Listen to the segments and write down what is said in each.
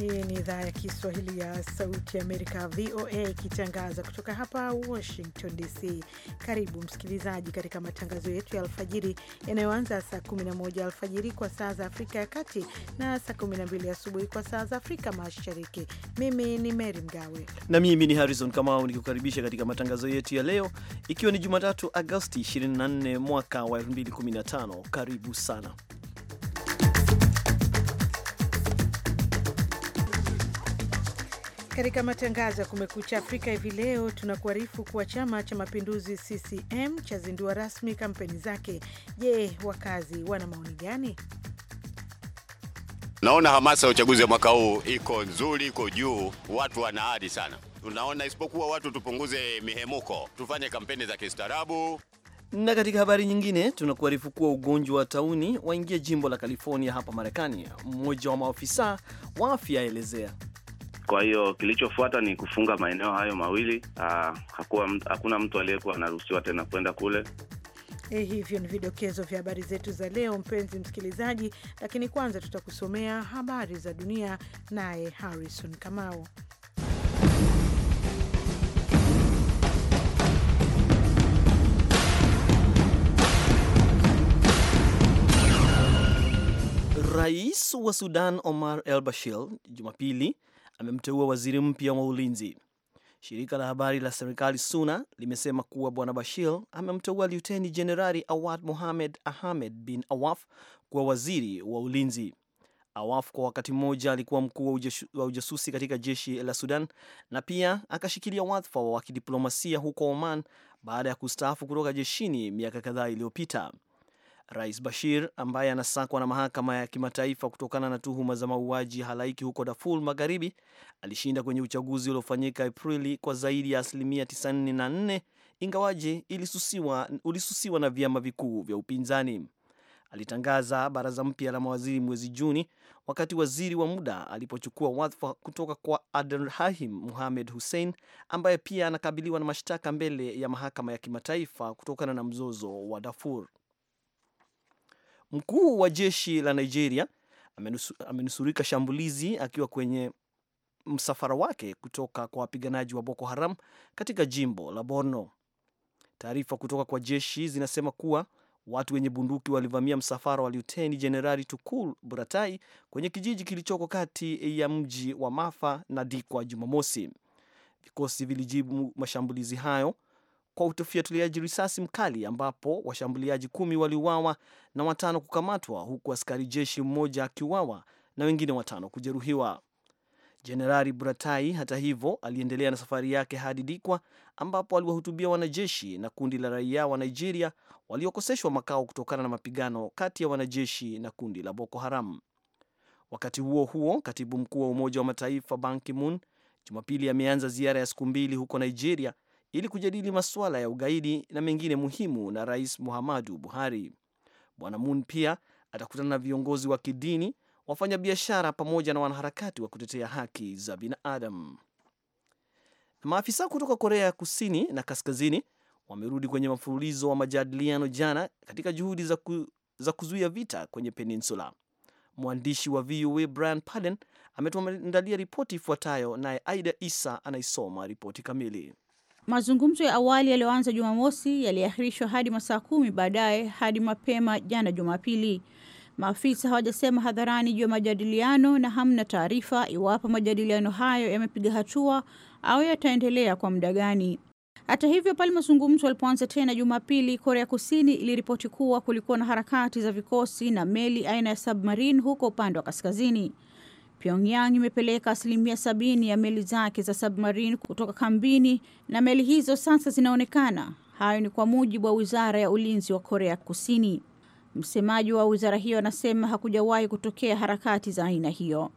Hii ni idhaa ya Kiswahili ya Sauti Amerika, VOA, ikitangaza kutoka hapa Washington DC. Karibu msikilizaji katika matangazo yetu ya alfajiri yanayoanza saa 11 alfajiri kwa saa za Afrika ya Kati na saa 12 asubuhi kwa saa za Afrika Mashariki. Mimi ni Mary Mgawe na mimi ni Harrison Kamau nikukaribisha katika matangazo yetu ya leo, ikiwa ni Jumatatu Agosti 24 mwaka wa 2015. Karibu sana Katika matangazo ya Kumekucha Afrika hivi leo tunakuarifu kuwa chama cha mapinduzi CCM chazindua rasmi kampeni zake. Je, wakazi wana maoni gani? Naona hamasa ya uchaguzi wa mwaka huu iko nzuri, iko juu, watu wana ari sana. Tunaona isipokuwa watu tupunguze mihemuko, tufanye kampeni za kistaarabu. Na katika habari nyingine tunakuarifu kuwa ugonjwa wa tauni waingia jimbo la California hapa Marekani, mmoja wa maofisa wa afya aelezea kwa hiyo kilichofuata ni kufunga maeneo hayo mawili. Aa, ah, hakuwa, hakuna mtu aliyekuwa anaruhusiwa tena kwenda kule. Eh, hivyo ni vidokezo vya habari zetu za leo, mpenzi msikilizaji, lakini kwanza tutakusomea habari za dunia naye Harrison Kamau. Rais wa Sudan Omar El Bashir Jumapili amemteua waziri mpya wa ulinzi. Shirika la habari la serikali SUNA limesema kuwa Bwana Bashir amemteua Liuteni Jenerali Awad Mohamed Ahmed bin Awaf kuwa waziri wa ulinzi. Awaf kwa wakati mmoja alikuwa mkuu wa ujasusi katika jeshi la Sudan na pia akashikilia wadhifa wa kidiplomasia huko Oman baada ya kustaafu kutoka jeshini miaka kadhaa iliyopita. Rais Bashir ambaye anasakwa na mahakama ya kimataifa kutokana na tuhuma za mauaji halaiki huko Darfur Magharibi alishinda kwenye uchaguzi uliofanyika Aprili kwa zaidi ya asilimia 94 ingawaje ilisusiwa, ulisusiwa na vyama vikuu vya upinzani. Alitangaza baraza mpya la mawaziri mwezi Juni wakati waziri wa muda alipochukua wadhifa kutoka kwa Abdulrahim muhamed Hussein ambaye pia anakabiliwa na mashtaka mbele ya mahakama ya kimataifa kutokana na mzozo wa Darfur. Mkuu wa jeshi la Nigeria amenusurika shambulizi akiwa kwenye msafara wake kutoka kwa wapiganaji wa Boko Haram katika jimbo la Borno. Taarifa kutoka kwa jeshi zinasema kuwa watu wenye bunduki walivamia msafara wa Luteni Jenerali Tukul Buratai kwenye kijiji kilichoko kati ya mji wa Mafa na Dikwa Jumamosi. Vikosi vilijibu mashambulizi hayo kwa utofiatuliaji risasi mkali ambapo washambuliaji kumi waliuawa na watano kukamatwa huku askari jeshi mmoja akiuawa na wengine watano kujeruhiwa. Jenerali Buratai hata hivyo aliendelea na safari yake hadi Dikwa ambapo aliwahutubia wanajeshi na kundi la raia wa Nigeria waliokoseshwa makao kutokana na mapigano kati ya wanajeshi na kundi la Boko Haram. Wakati huo huo, katibu mkuu wa Umoja wa Mataifa Ban Ki-moon Jumapili ameanza ziara ya siku mbili huko Nigeria ili kujadili masuala ya ugaidi na mengine muhimu na Rais Muhammadu Buhari. Bwana Moon pia atakutana na viongozi wa kidini, wafanyabiashara pamoja na wanaharakati wa kutetea haki za binadamu. Maafisa kutoka Korea ya Kusini na Kaskazini wamerudi kwenye mfululizo wa majadiliano jana katika juhudi za, ku, za kuzuia vita kwenye peninsula. Mwandishi wa VOA Brian Paden ametuandalia ripoti ifuatayo, naye Aida Isa anaisoma ripoti kamili. Mazungumzo ya awali yaliyoanza Jumamosi yaliahirishwa hadi masaa kumi baadaye hadi mapema jana Jumapili. Maafisa hawajasema hadharani juu ya majadiliano na hamna taarifa iwapo majadiliano hayo yamepiga hatua au yataendelea kwa muda gani. Hata hivyo, pale mazungumzo yalipoanza tena Jumapili, Korea Kusini iliripoti kuwa kulikuwa na harakati za vikosi na meli aina ya submarine huko upande wa kaskazini. Pyongyang imepeleka asilimia sabini ya meli zake za submarine kutoka kambini na meli hizo sasa zinaonekana. Hayo ni kwa mujibu wa wizara ya ulinzi wa Korea Kusini. Msemaji wa wizara hiyo anasema hakujawahi kutokea harakati za aina hiyo.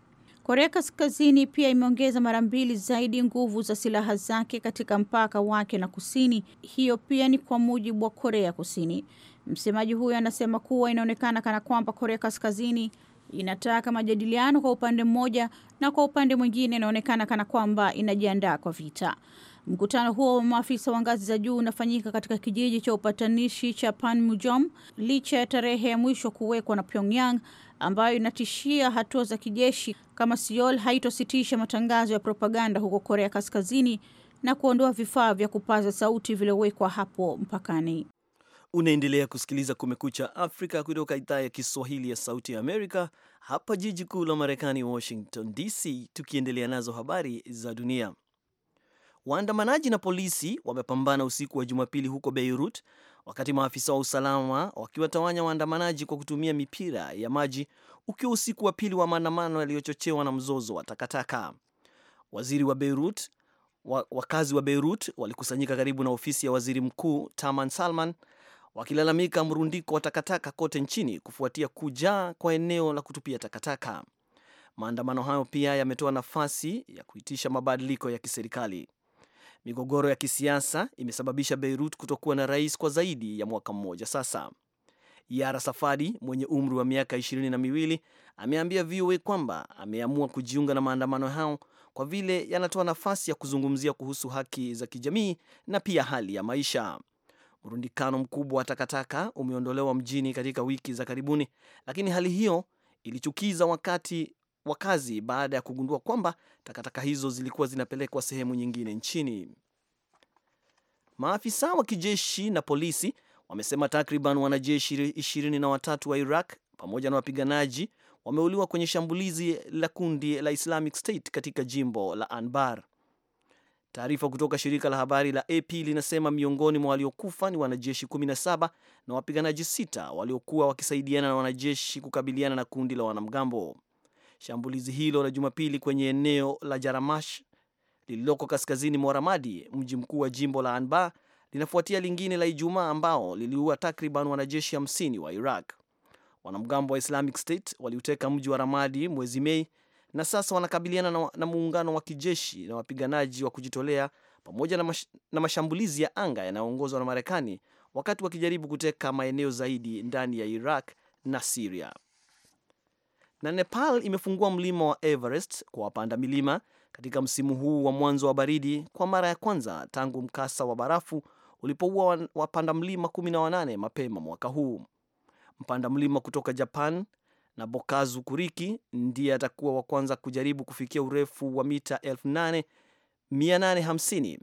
Korea Kaskazini pia imeongeza mara mbili zaidi nguvu za silaha zake katika mpaka wake na Kusini. Hiyo pia ni kwa mujibu wa Korea Kusini. Msemaji huyo anasema kuwa inaonekana kana kwamba Korea Kaskazini inataka majadiliano kwa upande mmoja na kwa upande mwingine inaonekana kana kwamba inajiandaa kwa vita. Mkutano huo wa maafisa wa ngazi za juu unafanyika katika kijiji cha upatanishi cha Panmunjom licha ya tarehe ya mwisho kuwekwa na Pyongyang ambayo inatishia hatua za kijeshi kama Seoul haitositisha matangazo ya propaganda huko Korea Kaskazini na kuondoa vifaa vya kupaza sauti vilivyowekwa hapo mpakani. Unaendelea kusikiliza Kumekucha Afrika kutoka idhaa ya Kiswahili ya Sauti ya Amerika, hapa jiji kuu la Marekani, Washington DC, tukiendelea nazo habari za dunia. Waandamanaji na polisi wamepambana usiku wa Jumapili huko Beirut, wakati maafisa wa usalama wakiwatawanya waandamanaji kwa kutumia mipira ya maji, ukiwa usiku wa pili wa maandamano yaliyochochewa na mzozo wa takataka. Waziri wa Beirut, wakazi wa Beirut walikusanyika karibu na ofisi ya waziri mkuu Taman Salman wakilalamika mrundiko wa takataka kote nchini kufuatia kujaa kwa eneo la kutupia takataka. Maandamano hayo pia yametoa nafasi ya kuitisha mabadiliko ya kiserikali. Migogoro ya kisiasa imesababisha Beirut kutokuwa na rais kwa zaidi ya mwaka mmoja sasa. Yara Safadi mwenye umri wa miaka ishirini na miwili ameambia VOA kwamba ameamua kujiunga na maandamano hayo kwa vile yanatoa nafasi ya kuzungumzia kuhusu haki za kijamii na pia hali ya maisha. Mrundikano mkubwa wa takataka umeondolewa mjini katika wiki za karibuni, lakini hali hiyo ilichukiza wakati wakazi baada ya kugundua kwamba takataka hizo zilikuwa zinapelekwa sehemu nyingine nchini. Maafisa wa kijeshi na polisi wamesema takriban wanajeshi ishirini na watatu wa Iraq pamoja na wapiganaji wameuliwa kwenye shambulizi la kundi la Islamic State katika jimbo la Anbar. Taarifa kutoka shirika la habari la AP linasema miongoni mwa waliokufa ni wanajeshi 17 na wapiganaji sita waliokuwa wakisaidiana na wanajeshi kukabiliana na kundi la wanamgambo. Shambulizi hilo la Jumapili kwenye eneo la Jaramash lililoko kaskazini mwa Ramadi, mji mkuu wa jimbo la Anbar, linafuatia lingine la Ijumaa ambao liliua takriban wanajeshi 50 wa Iraq. Wanamgambo wa Islamic State waliuteka mji wa Ramadi mwezi Mei na sasa wanakabiliana na, na muungano wa kijeshi na wapiganaji wa kujitolea pamoja na, mash, na mashambulizi ya anga yanayoongozwa na Marekani wakati wakijaribu kuteka maeneo zaidi ndani ya Iraq na Siria. Na Nepal imefungua mlima wa Everest kwa wapanda milima katika msimu huu wa mwanzo wa baridi kwa mara ya kwanza tangu mkasa wa barafu ulipoua wapanda mlima 18 mapema mwaka huu. Mpanda mlima kutoka Japan na Bokazu Kuriki ndiye atakuwa wa kwanza kujaribu kufikia urefu wa mita 8850.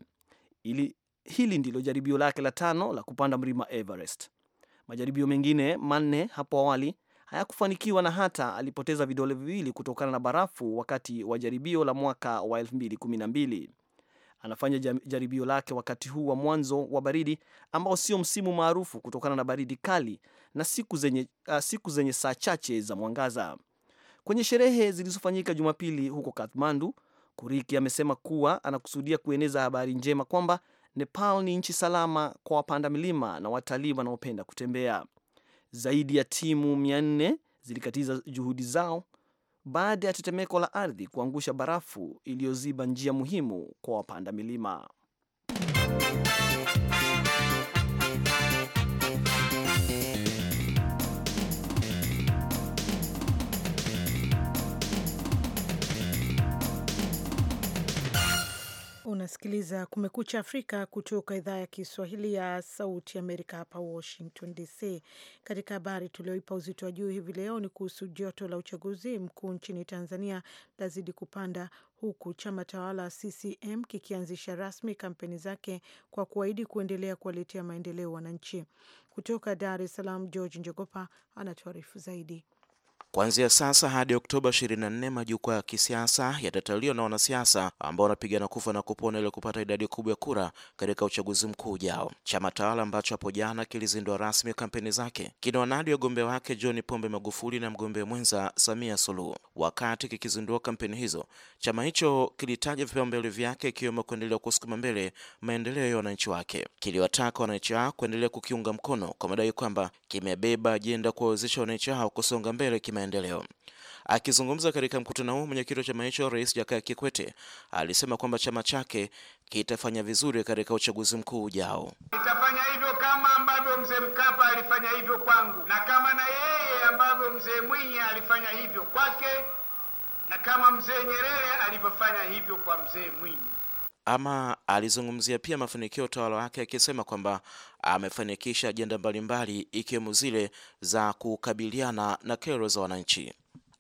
Ili hili ndilo jaribio lake la tano la kupanda mlima Everest. Majaribio mengine manne hapo awali hayakufanikiwa na hata alipoteza vidole viwili kutokana na barafu wakati wa jaribio la mwaka wa 2012. Anafanya jaribio lake wakati huu wa mwanzo wa baridi ambao sio msimu maarufu kutokana na baridi kali na siku zenye, uh, siku zenye saa chache za mwangaza. Kwenye sherehe zilizofanyika Jumapili huko Kathmandu, Kuriki amesema kuwa anakusudia kueneza habari njema kwamba Nepal ni nchi salama kwa wapanda milima na watalii wanaopenda kutembea. Zaidi ya timu 400 zilikatiza juhudi zao baada ya tetemeko la ardhi kuangusha barafu iliyoziba njia muhimu kwa wapanda milima. Unasikiliza Kumekucha Afrika kutoka idhaa ya Kiswahili ya Sauti Amerika, hapa Washington DC. Katika habari tulioipa uzito wa juu hivi leo ni kuhusu joto la uchaguzi mkuu nchini Tanzania lazidi kupanda huku chama tawala CCM kikianzisha rasmi kampeni zake kwa kuahidi kuendelea kuwaletea maendeleo wananchi. Kutoka Dar es Salaam, George Njogopa anatuarifu zaidi. Kuanzia sasa hadi Oktoba 24 majukwaa ya kisiasa yatataliwa na wanasiasa ambao wanapigana kufa na kupona ili kupata idadi kubwa ya kura katika uchaguzi mkuu ujao. Chama tawala ambacho hapo jana kilizindua rasmi kampeni zake kinawanadi wagombea wake John Pombe Magufuli na mgombea mwenza Samia Suluhu. Wakati kikizindua kampeni hizo, chama hicho kilitaja vipaumbele vyake ikiwemo kuendelea kusukuma mbele maendeleo ya wananchi wake. Kiliwataka wananchi hao kuendelea kukiunga mkono kwa madai kwamba kimebeba ajenda kuwawezesha wananchi hao kusonga mbele kima maendeleo. Akizungumza katika mkutano huo, mwenyekiti wa chama hicho Rais Jakaya Kikwete alisema kwamba chama chake kitafanya vizuri katika uchaguzi mkuu ujao. itafanya hivyo kama ambavyo mzee Mkapa alifanya hivyo kwangu, na kama na yeye ambavyo mzee Mwinyi alifanya hivyo kwake, na kama mzee Nyerere alivyofanya hivyo kwa mzee Mwinyi ama alizungumzia pia mafanikio utawala wake akisema kwamba amefanikisha ajenda mbalimbali ikiwemo zile za kukabiliana na kero za wananchi.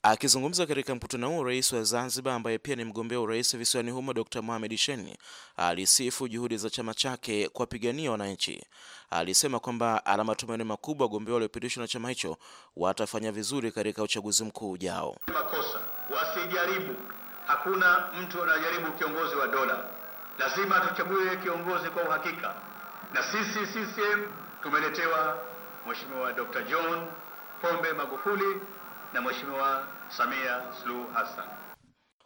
Akizungumza katika mkutano huo, rais wa Zanzibar ambaye pia ni mgombea urais visiwani humo Dr. Mohamed sheni alisifu juhudi za chama chake kuwapigania wananchi. Alisema kwamba ana matumaini makubwa wagombea waliopitishwa na chama hicho watafanya vizuri katika uchaguzi mkuu ujao. Makosa wasijaribu, hakuna mtu anajaribu kiongozi wa dola lazima tuchague kiongozi kwa uhakika, na sisi CCM tumeletewa Mheshimiwa Dr. John Pombe Magufuli na Mheshimiwa Samia Suluhu Hassan.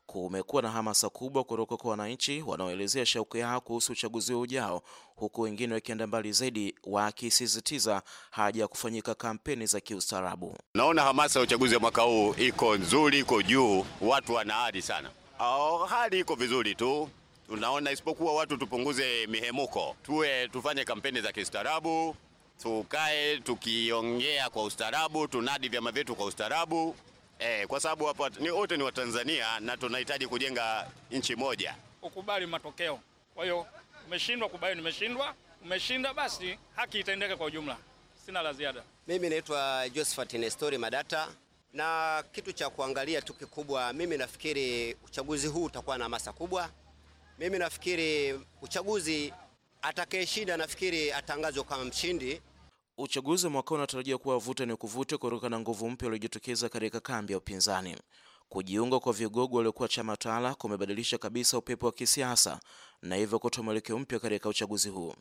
Kumekuwa na hamasa kubwa kutoka kwa wananchi wanaoelezea shauku yao kuhusu uchaguzi ujao, huku wengine wakienda mbali zaidi wakisisitiza haja ya kufanyika kampeni za kiustaarabu. Naona hamasa ya uchaguzi wa mwaka huu iko nzuri, iko juu, watu wana ari sana. Oh, hali iko vizuri tu. Tunaona isipokuwa watu tupunguze mihemuko, tuwe tufanye kampeni za kistarabu tukae tukiongea kwa ustaarabu, tunadi vyama vyetu kwa ustaarabu e, kwa sababu hapa ni wote ni Watanzania na tunahitaji kujenga nchi moja. Ukubali matokeo. Kwa hiyo umeshindwa, kubali nimeshindwa, umeshinda, basi haki itaendeka kwa ujumla. Sina la ziada. Mimi naitwa Josephat Nestori Madata na kitu cha kuangalia tu kikubwa, mimi nafikiri uchaguzi huu utakuwa na hamasa kubwa. Mimi nafikiri uchaguzi, atakayeshinda nafikiri atangazwa kama mshindi. Uchaguzi wa mwaka unatarajiwa kuwa vuta ni kuvuta kutokana na nguvu mpya uliojitokeza katika kambi ya upinzani. Kujiunga kwa vigogo waliokuwa chama tawala kumebadilisha kabisa upepo wa kisiasa na hivyo kutoa mwelekeo mpya katika uchaguzi huu.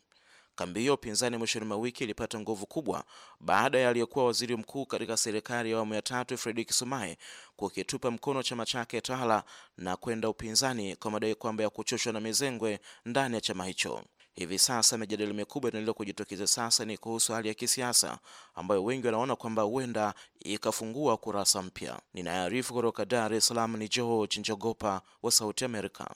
Kambi hiyo upinzani mwishoni mwa wiki ilipata nguvu kubwa baada ya aliyekuwa waziri mkuu katika serikali ya awamu ya tatu Frederick Sumaye kukitupa mkono chama chake tawala na kwenda upinzani kwa madai kwamba ya kuchoshwa na mizengwe ndani ya chama hicho. Hivi sasa mijadala mikubwa inaendelea kujitokeza sasa ni kuhusu hali ya kisiasa ambayo wengi wanaona kwamba huenda ikafungua kurasa mpya. ninayarifu kutoka Dar es Salaam ni George Njogopa wa Sauti Amerika.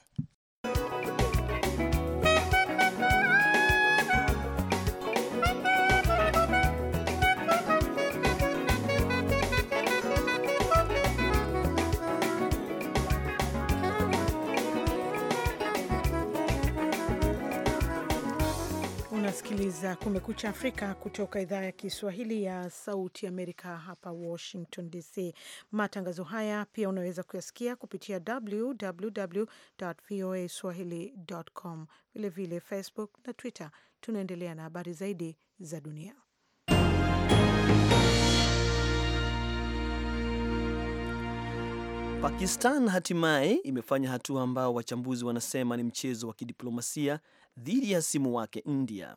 unasikiliza Kumekucha Afrika kutoka idhaa ya Kiswahili ya Sauti Amerika, hapa Washington DC. Matangazo haya pia unaweza kuyasikia kupitia www voa swahili com, vilevile Facebook na Twitter. Tunaendelea na habari zaidi za dunia. Pakistan hatimaye imefanya hatua ambao wachambuzi wanasema ni mchezo wa kidiplomasia dhidi ya simu wake India.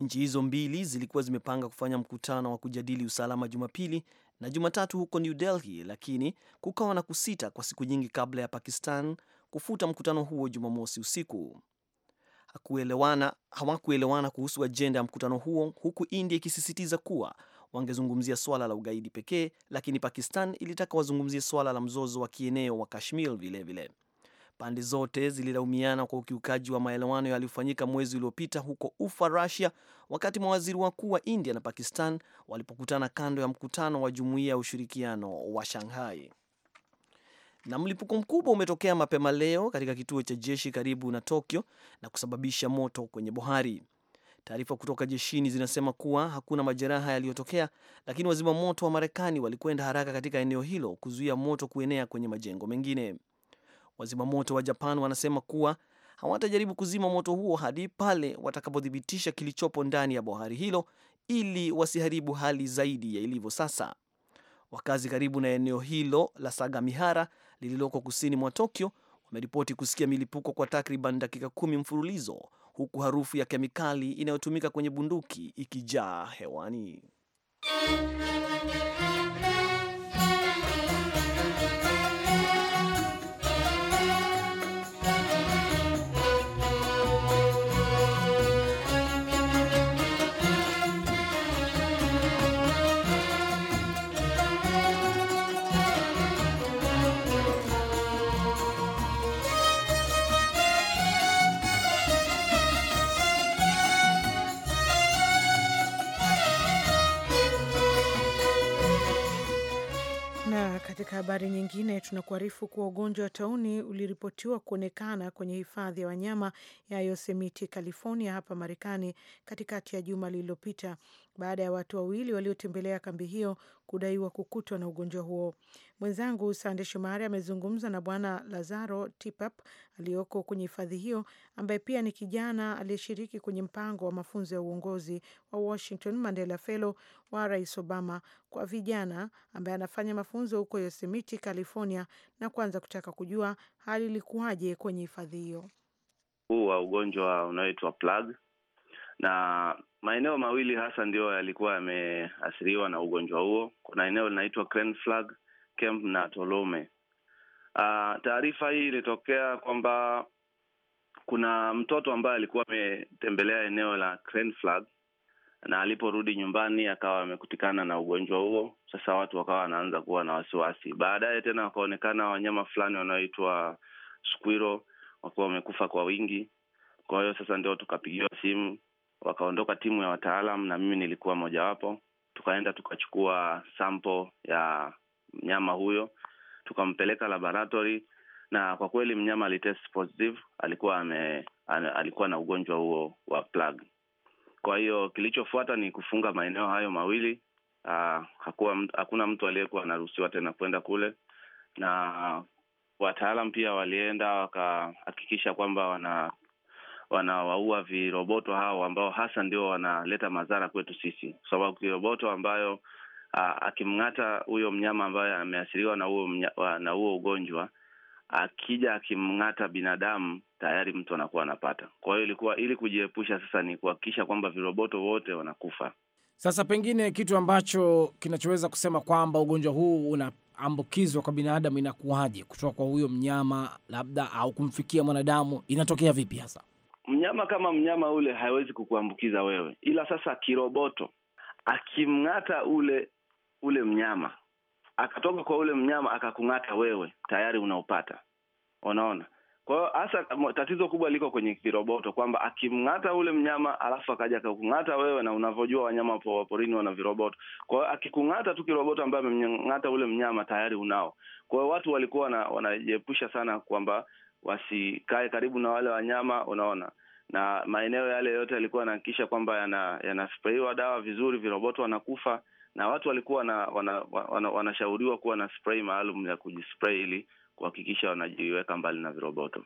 Nchi hizo mbili zilikuwa zimepanga kufanya mkutano wa kujadili usalama Jumapili na Jumatatu huko New Delhi, lakini kukawa na kusita kwa siku nyingi kabla ya Pakistan kufuta mkutano huo Jumamosi usiku. Hakuelewana, hawakuelewana kuhusu ajenda ya mkutano huo, huku India ikisisitiza kuwa wangezungumzia swala la ugaidi pekee, lakini Pakistan ilitaka wazungumzie swala la mzozo wa kieneo wa Kashmir vilevile vile. Pande zote zililaumiana kwa ukiukaji wa maelewano yaliyofanyika mwezi uliopita huko Ufa, Russia, wakati mawaziri wakuu wa India na Pakistan walipokutana kando ya mkutano wa Jumuiya ya Ushirikiano wa Shanghai. Na mlipuko mkubwa umetokea mapema leo katika kituo cha jeshi karibu na Tokyo na kusababisha moto kwenye bohari. Taarifa kutoka jeshini zinasema kuwa hakuna majeraha yaliyotokea, lakini wazima moto wa Marekani walikwenda haraka katika eneo hilo kuzuia moto kuenea kwenye majengo mengine. Wazimamoto wa Japan wanasema kuwa hawatajaribu kuzima moto huo hadi pale watakapothibitisha kilichopo ndani ya bohari hilo ili wasiharibu hali zaidi ya ilivyo sasa. Wakazi karibu na eneo hilo la Sagamihara lililoko kusini mwa Tokyo wameripoti kusikia milipuko kwa takriban dakika kumi mfululizo huku harufu ya kemikali inayotumika kwenye bunduki ikijaa hewani. Na katika habari nyingine tunakuarifu kuwa ugonjwa wa tauni uliripotiwa kuonekana kwenye hifadhi ya wanyama ya yosemiti California hapa Marekani katikati ya juma lililopita baada ya watu wawili waliotembelea kambi hiyo kudaiwa kukutwa na ugonjwa huo. Mwenzangu Sande Shomari amezungumza na Bwana Lazaro Tipap aliyoko kwenye hifadhi hiyo, ambaye pia ni kijana aliyeshiriki kwenye mpango wa mafunzo ya uongozi wa Washington Mandela Fellow wa Rais Obama kwa vijana, ambaye anafanya mafunzo huko yosemiti California, na kuanza kutaka kujua hali ilikuwaje kwenye hifadhi hiyo huu wa ugonjwa unaoitwa plague na maeneo mawili hasa ndio yalikuwa yameathiriwa na ugonjwa huo. Kuna eneo linaitwa Crane Flag Kemp na Tolome. Uh, taarifa hii ilitokea kwamba kuna mtoto ambaye alikuwa ametembelea eneo la Cranflag na aliporudi nyumbani akawa amekutikana na ugonjwa huo. Sasa watu wakawa wanaanza kuwa na wasiwasi. Baadaye tena wakaonekana wanyama fulani wanaoitwa squirrel wakiwa wamekufa kwa wingi. Kwa hiyo sasa ndio tukapigiwa simu, wakaondoka timu ya wataalam na mimi nilikuwa mojawapo, tukaenda tukachukua sample ya mnyama huyo, tukampeleka laboratory, na kwa kweli mnyama alitest positive, alikuwa ame, alikuwa na ugonjwa huo wa plug Kwa hiyo kilichofuata ni kufunga maeneo hayo mawili. Ah, hakuwa, hakuna mtu aliyekuwa anaruhusiwa tena kwenda kule, na wataalam pia walienda wakahakikisha kwamba wana wanawaua viroboto hao ambao hasa ndio wanaleta madhara kwetu sisi, kwa sababu kiroboto ambayo akimng'ata huyo mnyama ambaye ameathiriwa na huo na huo ugonjwa, akija akimng'ata binadamu tayari mtu anakuwa anapata. Kwa hiyo ilikuwa ili kujiepusha sasa ni kuhakikisha kwamba viroboto wote wanakufa. Sasa pengine kitu ambacho kinachoweza kusema kwamba ugonjwa huu unaambukizwa kwa binadamu inakuwaje, kutoka kwa huyo mnyama labda au kumfikia mwanadamu, inatokea vipi hasa? Mnyama kama mnyama ule hawezi kukuambukiza wewe, ila sasa kiroboto akimng'ata ule ule mnyama akatoka kwa ule mnyama akakung'ata wewe, tayari unaupata. Unaona, kwa hiyo hasa tatizo kubwa liko kwenye viroboto, kwamba akimng'ata ule mnyama alafu akaja akakung'ata wewe, na unavyojua wanyama wapo wana viroboto. Kwa hiyo akikung'ata tu kiroboto ambaye amemng'ata ule mnyama tayari unao. Kwa hiyo watu walikuwa wanajiepusha sana kwamba wasikae karibu na wale wanyama, unaona na maeneo yale yote yalikuwa yanahakikisha kwamba yanasprayiwa yana dawa vizuri, viroboto wanakufa na watu walikuwa wanashauriwa wana, wana, wana kuwa na spray maalum ya kujispray ili kuhakikisha wanajiweka mbali na viroboto.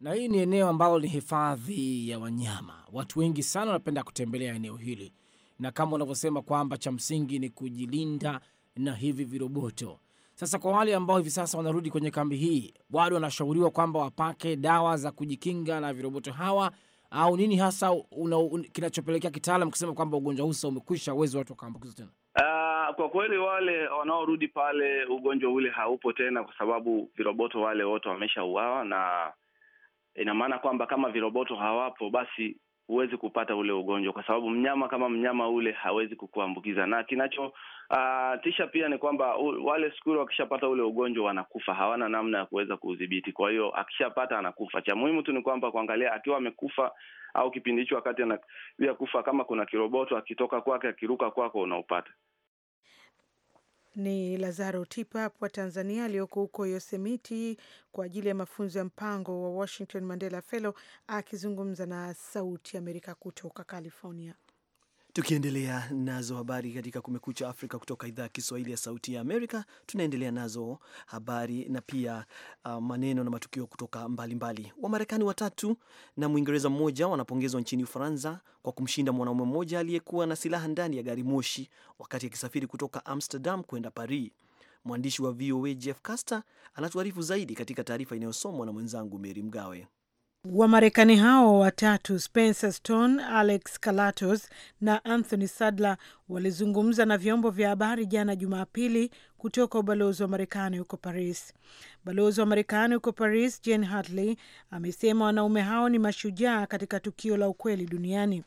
Na hii ni eneo ambalo ni hifadhi ya wanyama, watu wengi sana wanapenda kutembelea eneo hili, na kama unavyosema kwamba cha msingi ni kujilinda na hivi viroboto. Sasa kwa wale ambao hivi sasa wanarudi kwenye kambi hii, bado wanashauriwa kwamba wapake dawa za kujikinga na viroboto hawa au nini hasa un, kinachopelekea kitaalam kusema kwamba ugonjwa huu sasa umekwisha, uwezi watu wakaambukizwa tena? kweli wale wanaorudi pale, ugonjwa ule haupo tena, kwa sababu viroboto wale wote wameshauawa, na ina maana kwamba kama viroboto hawapo, basi huwezi kupata ule ugonjwa, kwa sababu mnyama kama mnyama ule hawezi kukuambukiza. Na kinachotisha ah, uh, pia ni kwamba uh, wale skuru wakishapata ule ugonjwa wanakufa, hawana namna ya kuweza kuudhibiti. Kwa hiyo akishapata anakufa. Cha muhimu tu ni kwamba kuangalia akiwa amekufa au kipindi hicho wakati anakuja kufa, kama kuna kiroboto akitoka kwake akiruka kwako, unaupata. Ni Lazaro Tipap wa Tanzania aliyoko huko Yosemiti kwa ajili ya mafunzo ya mpango wa Washington Mandela Fellow akizungumza na Sauti Amerika kutoka California. Tukiendelea nazo habari katika Kumekucha Afrika kutoka idhaa ya Kiswahili ya Sauti ya Amerika, tunaendelea nazo habari na pia uh, maneno na matukio kutoka mbalimbali. Wamarekani watatu na Mwingereza mmoja wanapongezwa nchini Ufaransa kwa kumshinda mwanaume mmoja aliyekuwa na silaha ndani ya gari moshi wakati akisafiri kutoka Amsterdam kwenda Paris. Mwandishi wa VOA Jeff Caster anatuarifu zaidi katika taarifa inayosomwa na mwenzangu Meri Mgawe. Wamarekani hao watatu Spencer Stone, Alex Kalatos na Anthony Sadler walizungumza na vyombo vya habari jana Jumapili kutoka ubalozi wa Marekani huko Paris. Balozi wa Marekani huko Paris Jane Hartley amesema wanaume hao ni mashujaa katika tukio la ukweli duniani.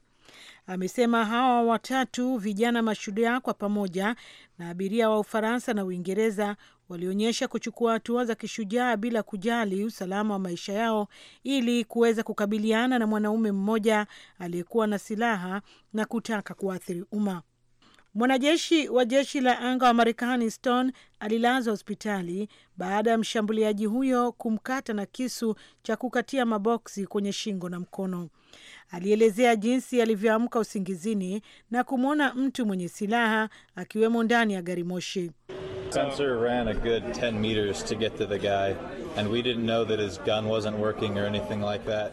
Amesema hawa watatu vijana mashujaa kwa pamoja na abiria wa Ufaransa na Uingereza walionyesha kuchukua hatua za kishujaa bila kujali usalama wa maisha yao ili kuweza kukabiliana na mwanaume mmoja aliyekuwa na silaha na kutaka kuathiri umma. Mwanajeshi wa jeshi la anga wa Marekani Stone alilazwa hospitali baada ya mshambuliaji huyo kumkata na kisu cha kukatia maboksi kwenye shingo na mkono. Alielezea jinsi alivyoamka usingizini na kumwona mtu mwenye silaha akiwemo ndani ya gari moshi.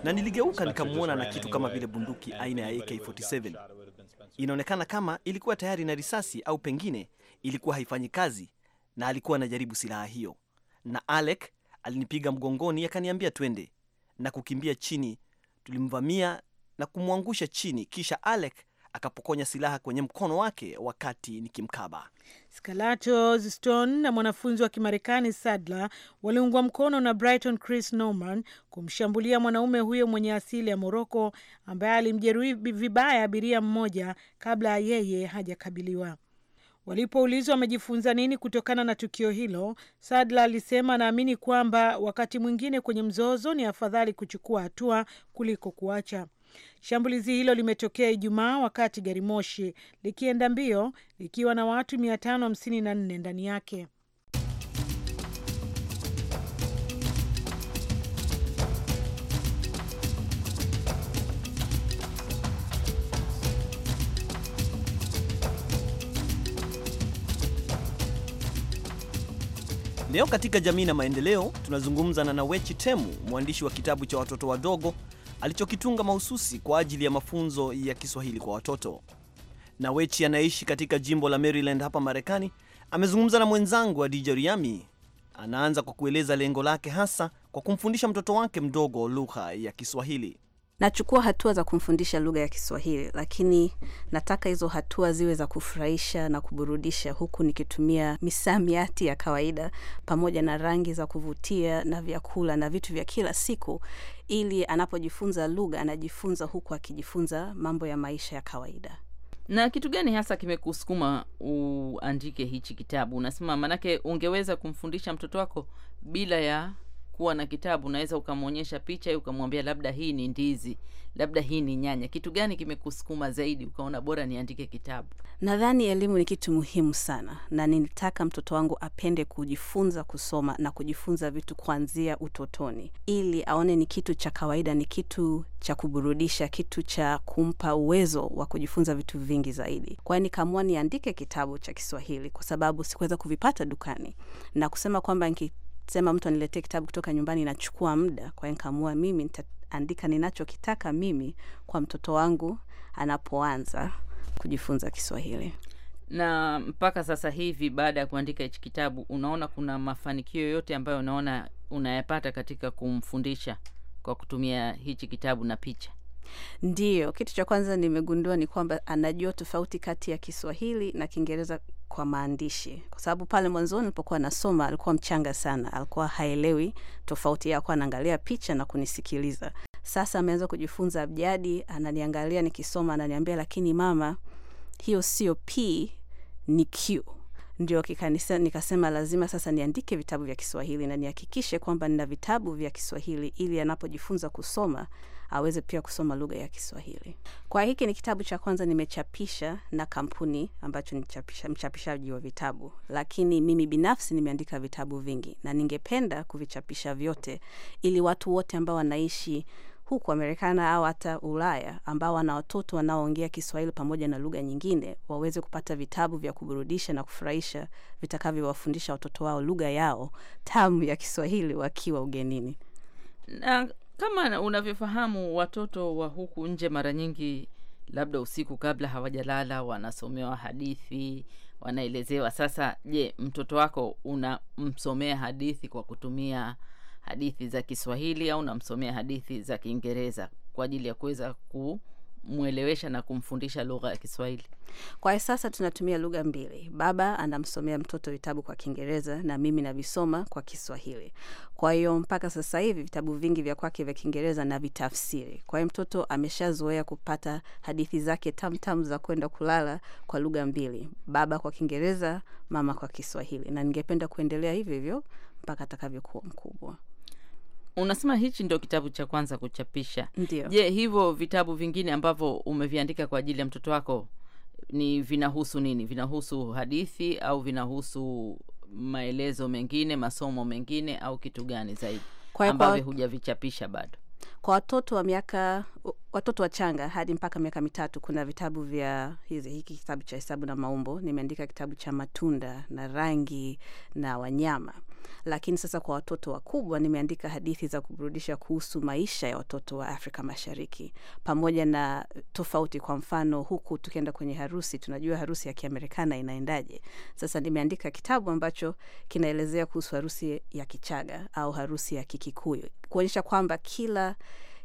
Na niligeuka nikamwona na kitu kama vile bunduki aina ya AK47. Inaonekana kama ilikuwa tayari na risasi au pengine ilikuwa haifanyi kazi, na alikuwa anajaribu silaha hiyo. Na Alec alinipiga mgongoni, akaniambia twende na kukimbia chini tulimvamia na kumwangusha chini, kisha Alec akapokonya silaha kwenye mkono wake wakati nikimkaba. Scalato Stone na mwanafunzi wa Kimarekani Sadler waliungwa mkono na Brighton Chris Norman kumshambulia mwanaume huyo mwenye asili ya Moroko ambaye alimjeruhi vibaya abiria mmoja kabla yeye hajakabiliwa. Walipoulizwa wamejifunza nini kutokana na tukio hilo, Sadla alisema anaamini kwamba wakati mwingine kwenye mzozo ni afadhali kuchukua hatua kuliko kuacha. Shambulizi hilo limetokea Ijumaa wakati gari moshi likienda mbio likiwa na watu 554 ndani yake. Leo katika jamii na maendeleo tunazungumza na Nawechi Temu, mwandishi wa kitabu cha watoto wadogo alichokitunga mahususi kwa ajili ya mafunzo ya Kiswahili kwa watoto. Nawechi anaishi katika jimbo la Maryland hapa Marekani. Amezungumza na mwenzangu Adija Riami. Anaanza kwa kueleza lengo lake hasa kwa kumfundisha mtoto wake mdogo lugha ya Kiswahili nachukua hatua za kumfundisha lugha ya Kiswahili, lakini nataka hizo hatua ziwe za kufurahisha na kuburudisha, huku nikitumia misamiati ya kawaida pamoja na rangi za kuvutia na vyakula na vitu vya kila siku, ili anapojifunza lugha anajifunza huku akijifunza mambo ya maisha ya kawaida. Na kitu gani hasa kimekusukuma uandike hichi kitabu? Unasema manake ungeweza kumfundisha mtoto wako bila ya kuwa na kitabu unaweza ukamwonyesha picha, ukamwambia labda hii ni ndizi, labda hii ni nyanya. Kitu gani kimekusukuma zaidi ukaona bora niandike kitabu? Nadhani elimu ni kitu muhimu sana, na nilitaka mtoto wangu apende kujifunza kusoma na kujifunza vitu kuanzia utotoni, ili aone ni kitu cha kawaida, ni kitu cha kuburudisha, kitu cha kumpa uwezo wa kujifunza vitu vingi zaidi. Kwa hiyo nikaamua niandike kitabu cha Kiswahili kwa sababu sikuweza kuvipata dukani, na kusema kwamba sema mtu aniletee kitabu kutoka nyumbani nachukua muda. Kwa hiyo nikaamua mimi nitaandika ninachokitaka mimi kwa mtoto wangu anapoanza kujifunza Kiswahili. Na mpaka sasa hivi baada ya kuandika hichi kitabu, unaona kuna mafanikio yote ambayo unaona unayapata katika kumfundisha kwa kutumia hichi kitabu na picha? Ndiyo, kitu cha kwanza nimegundua ni kwamba anajua tofauti kati ya Kiswahili na Kiingereza kwa maandishi, kwa sababu pale mwanzoni nilipokuwa nasoma alikuwa mchanga sana, alikuwa haelewi tofauti yako, anaangalia picha na kunisikiliza. Sasa ameanza kujifunza abjadi, ananiangalia nikisoma, ananiambia lakini mama, hiyo sio p ni q. Ndio kikanisa, nikasema lazima sasa niandike vitabu vya Kiswahili na nihakikishe kwamba nina vitabu vya Kiswahili ili anapojifunza kusoma aweze pia kusoma lugha ya Kiswahili. Kwa hiki ni kitabu cha kwanza nimechapisha na kampuni ambacho mchapishaji wa vitabu, lakini mimi binafsi nimeandika vitabu vingi na ningependa kuvichapisha vyote, ili watu wote ambao wanaishi huku Amerikana au hata Ulaya ambao wana watoto wanaoongea Kiswahili pamoja na lugha nyingine waweze kupata vitabu vya kuburudisha na kufurahisha vitakavyowafundisha watoto wao lugha yao tamu ya Kiswahili wakiwa ugenini. Na kama unavyofahamu, watoto wa huku nje mara nyingi, labda usiku kabla hawajalala, wanasomewa hadithi, wanaelezewa. Sasa je, mtoto wako unamsomea hadithi kwa kutumia hadithi za Kiswahili au unamsomea hadithi za Kiingereza kwa ajili ya kuweza ku kumwelewesha na kumfundisha lugha ya Kiswahili? Kwa sasa tunatumia lugha mbili. Baba anamsomea mtoto vitabu kwa Kiingereza na mimi navisoma kwa Kiswahili. Kwa hiyo mpaka sasa hivi vitabu vingi vya kwake vya Kiingereza na vitafsiri. Kwa hiyo mtoto ameshazoea kupata hadithi zake tamtam za kwenda kulala kwa lugha mbili, baba kwa Kiingereza, mama kwa Kiswahili, na ningependa kuendelea hivyo hivyo mpaka atakavyokuwa mkubwa. Unasema hichi ndio kitabu cha kwanza kuchapisha? Ndio. Je, hivyo vitabu vingine ambavyo umeviandika kwa ajili ya mtoto wako ni vinahusu nini? Vinahusu hadithi au vinahusu maelezo mengine, masomo mengine, au kitu gani zaidi ambavyo hujavichapisha bado? Kwa watoto wa miaka watoto changa hadi mpaka miaka mitatu, kuna vitabu vya hizi, hiki kitabu cha hesabu na maumbo. Nimeandika kitabu cha matunda na rangi na wanyama lakini sasa kwa watoto wakubwa nimeandika hadithi za kuburudisha kuhusu maisha ya watoto wa Afrika Mashariki pamoja na tofauti. Kwa mfano, huku tukienda kwenye harusi, tunajua harusi ya Kiamerikana inaendaje. Sasa nimeandika kitabu ambacho kinaelezea kuhusu harusi ya Kichaga au harusi ya Kikikuyu, kuonyesha kwamba kila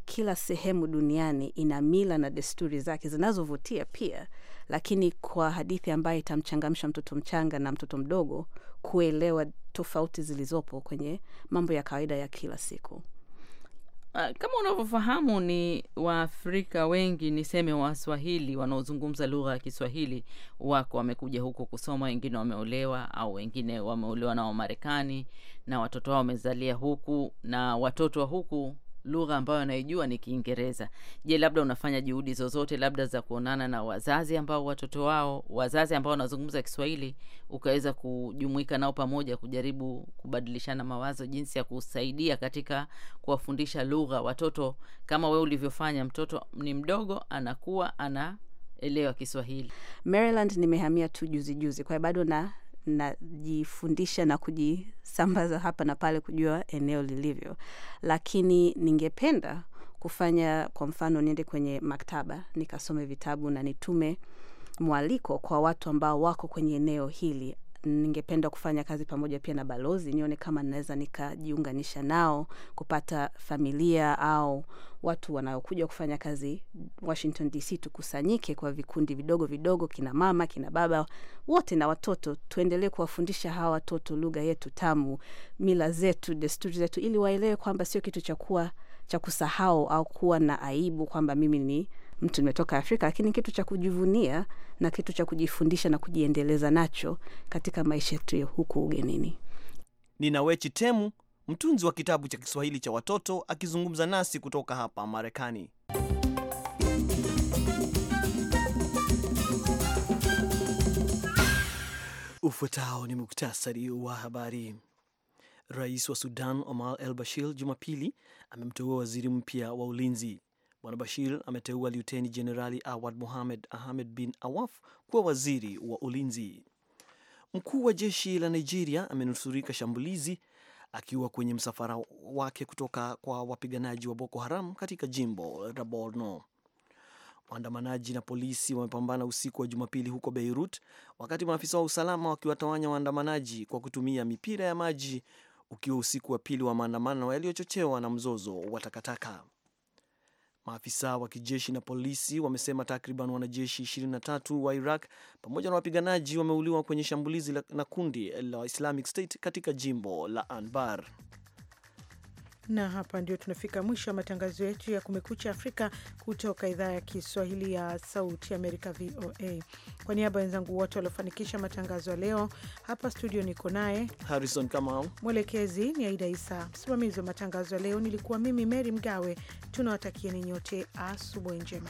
kila sehemu duniani ina mila na desturi zake zinazovutia pia lakini kwa hadithi ambayo itamchangamsha mtoto mchanga na mtoto mdogo kuelewa tofauti zilizopo kwenye mambo ya kawaida ya kila siku. Ah, kama unavyofahamu ni Waafrika wengi, niseme Waswahili wanaozungumza lugha ya Kiswahili wako wamekuja huku kusoma, wengine wameolewa au wengine wameolewa na Wamarekani na watoto wao wamezalia huku, na watoto wa huku lugha ambayo anaijua ni Kiingereza. Je, labda unafanya juhudi zozote labda za kuonana na wazazi ambao watoto wao wazazi ambao wanazungumza Kiswahili, ukaweza kujumuika nao pamoja, kujaribu kubadilishana mawazo jinsi ya kusaidia katika kuwafundisha lugha watoto, kama wewe ulivyofanya. Mtoto ni mdogo, anakuwa anaelewa Kiswahili. Maryland nimehamia tu juzi juzi, kwa hiyo bado na najifundisha na kujisambaza hapa na pale kujua eneo lilivyo, lakini ningependa kufanya kwa mfano, niende kwenye maktaba nikasome vitabu na nitume mwaliko kwa watu ambao wako kwenye eneo hili ningependa kufanya kazi pamoja pia na balozi, nione kama ninaweza nikajiunganisha nao kupata familia au watu wanaokuja kufanya kazi Washington DC, tukusanyike kwa vikundi vidogo vidogo, kina mama, kina baba wote na watoto, tuendelee kuwafundisha hawa watoto lugha yetu tamu, mila zetu, desturi zetu, ili waelewe kwamba sio kitu cha kuwa cha kusahau au kuwa na aibu kwamba mimi ni mtu nimetoka Afrika, lakini kitu cha kujivunia na kitu cha kujifundisha na kujiendeleza nacho katika maisha yetu huku ugenini. Wechi Temu, mtunzi wa kitabu cha Kiswahili cha watoto, akizungumza nasi kutoka hapa Marekani. Ufuatao ni muktasari wa habari. Rais wa Sudan Omar el Bashir Jumapili amemteua waziri mpya wa ulinzi. Bwana Bashir ameteua Liuteni Jenerali Awad Mohamed Ahmed bin Awaf kuwa waziri wa ulinzi. Mkuu wa jeshi la Nigeria amenusurika shambulizi akiwa kwenye msafara wake kutoka kwa wapiganaji wa Boko Haram katika jimbo la Borno. Waandamanaji na polisi wamepambana usiku wa Jumapili huko Beirut, wakati maafisa wa usalama wakiwatawanya waandamanaji kwa kutumia mipira ya maji, ukiwa usiku wa pili wa maandamano yaliyochochewa na mzozo wa takataka. Maafisa wa kijeshi na polisi wamesema takriban wanajeshi 23 wa Iraq pamoja na wapiganaji wameuliwa kwenye shambulizi na kundi la Islamic State katika jimbo la Anbar. Na hapa ndio tunafika mwisho wa matangazo yetu ya Kumekucha Afrika kutoka idhaa ya Kiswahili ya Sauti Amerika, VOA. Kwa niaba ya wenzangu wote waliofanikisha matangazo ya leo, hapa studio niko naye Harrison Kamau, mwelekezi ni Aida Isa, msimamizi wa matangazo ya leo nilikuwa mimi Mary Mgawe. Tunawatakieni nyote asubuhi njema.